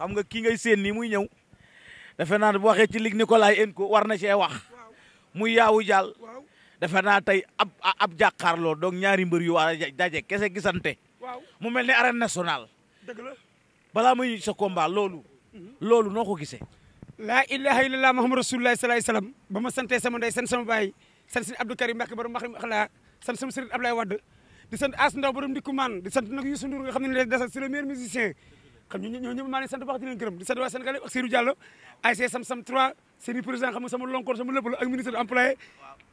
xam nga kii ngay séen nii muy ñëw defe naa bu waxee ci Luc Nicolaï en ko war na cee wax muy yaawu jàll defe naa tey ab ab jàkkaarloo donc ñaari mbër yu waa daje kese gisante mu mel ni arène nationale balaa muy sa combat loolu mhm. loolu noo ko gisee laa ilaha illallah muhammad rasulullah sallallahu alayhi wasallam ba ma sante sama ndey sant sama baay sant sëñ Abdou Karim Mbacke borom maxrim axlaa sant sama sëriñ Ablaye Wade di sant As Ndaw borom maan di sant nag Youssou Ndour nga xam ne ne dasa c'est le meilleur musicien xam ñu ñoo ñëpp maa leen sant baax di leen gërëm di sant waa Sénégal ak Seydou Diallo ay see sam sam 3 seen président xam nga sama lonkoor sama lépp la ak ministre employé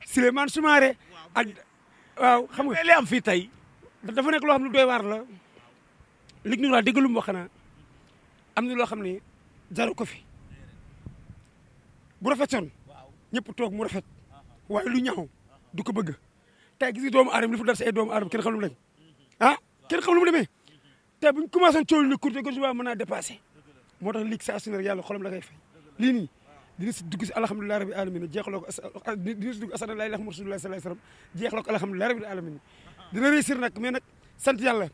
Souleymane Soumaré ak waaw xam nga li am fii tey dafa nekk loo xam ne doy waar la lig ñu waa déggalum wax xanaa am na loo xam ne jaru ko fi bu rafetoon ñëpp toog mu rafet waaye lu ñaaw du ko bëgg tey gis doomu aadama li fu dar si ay doomu aadama kenn xam lu mu lañ ah kenn xam lu mu demee te buñ commencé coow li courte gauche ba mën naa dépassé moo tax ligue saa su ne la koy fay lii nii dina si dugg si alhamdulilah rabi alamin jeexaloo ko dina si alamin dina réussir nag mais nag sant yàlla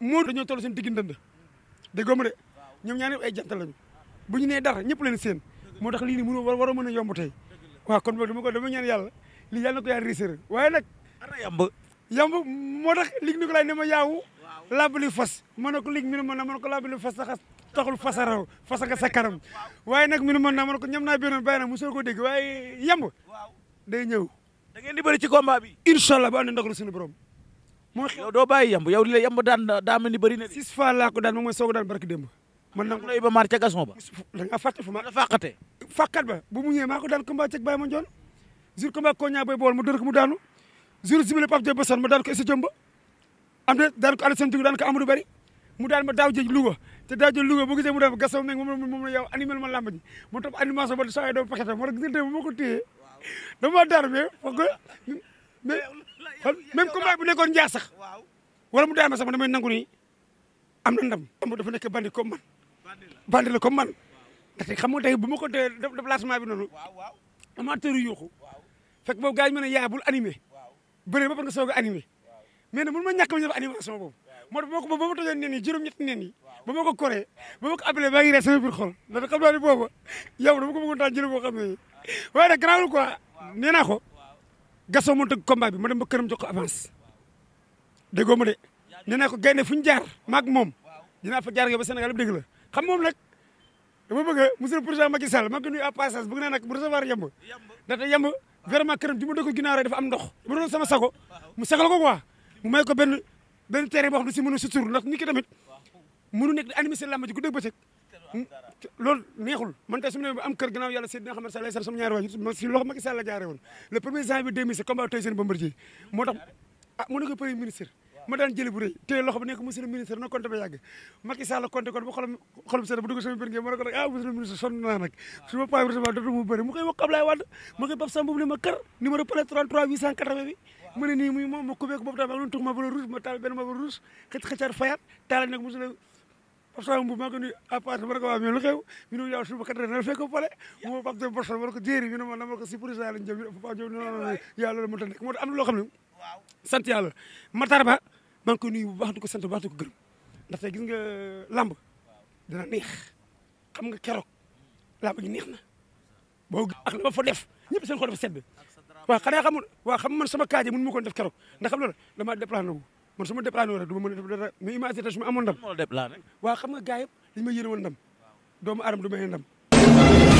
moo dañoo toll seen diggi ndënd déggoo ma de ñoom ñaar ay jantal lañu bu ñu nee dara ñëpp leen seen moo tax lii nii mënu war a mën a yomb tey waaw kon boog dama ñaan yàlla lii yàlla na ko yàlla réussir waaye nag yamb moo tax ligue ko laay ne ma yaawu labali fas ma ne ko léegi mi ne mën na ma ko labali fas sax taxul fasaraw fasa nga sa kanam waaye nag mi ne mën na ma ne ko ñam naa benn bàyyi na mosoo ko dégg waaye yemb day ñëw. da di bëri ci combat bi. incha allah ba am na ndogalu suñu borom. moo yow doo bàyyi yemb yow li la yemb daan daa mel ni bëri na. six fois laa ko daan moom mooy soog daan barki démb. man nag lay ba maar ca gason ba. da ngaa fàtte fu ma. da ba bu mu maa ko daan combat ceeg Baye Mandione. jour combat Koña Boy Baol mu dër mu daanu. mu daan ko Issa am na daan ko Alassane Diouf daan ko Amadou Bari mu daan ma daaw jëj Louga te daaw jëj Louga boo gisee mu def gasaw meeg moom moom la yow animé ma làmb ji mu topp animation ba saa yoo doon paquet moo tax gis nga tey bu ma ko téyee dama daan mais foog nga mais même combat bu nekkoon njaar sax wala mu daan ma sax damay nangu ni am na ndam. am dafa nekk bandi comme man bandi la comme man ndaxte xam nga tey bu ma ko téyee déplacement bi noonu amateur yu yuuxu fekk boobu gars yi ma ne yaay bul animé bëre ba pare nga soog a animé. mais nag mënu ma ñàkk ma ñu def animation boobu moo tax ko ba ma tojoon nen yi ñetti nen yi ko koree ba ma ko appelé baa ngi ree sama biir xol ndax xam naa boo xam ne waaye nag garaawul naa ko gasoo moo tëgg combat bi ma dem ba këram jox ko avance de nee naa ko gaynde fu ñu jaar maag moom dinaa jaar nga moom nag dama bëgg a monsieur le président Macky Sall maa ngi ko nuyu à passage bëgg naa nag bu recevoir yemb ndaxte yemb vraiment këram bi am ndox bu doon sama sago mu sagal ko quoi mu may ko benn benn terrain boo xam ne si mën a sutur ndax nit ki tamit nekk di animé seen làmb ji ku dëgg bëccëg loolu ma nee am kër gannaaw ah, bu rëy te loxo bu dugg sama biir ngeen ma ne ko ah, ma pas vraiment dootu mu bëri mu koy mu ne nii muy moom ma kubéeku boobu tamit ak lu mu ma bala ruus ma taal benn ma bala ruus xëcc xëccaar fayaat taala ko nuyu à part ma ne ko waa lu xew ñu ne ma ne ko jéeri ñu ne ma dama ko si président lañ jëm yàlla loolu mënta nekk moo tax am na loo xam ne sant yàlla Matar Ba maa ngi ko nuyu bu baax di ko sant bu baax di ko nga làmb dina neex xam nga keroog làmb gi neex def ñëpp waaw xanaa xamul waaw xam man sama kaaje mënu ma ko def keroog ndax xam loolu damaa ma déplané wu rek du ma a def dara mais imagine tey su ma amoon ndam waaw xam nga gars yëpp dañu ma yéene woon ndam doomu aadama du may ndam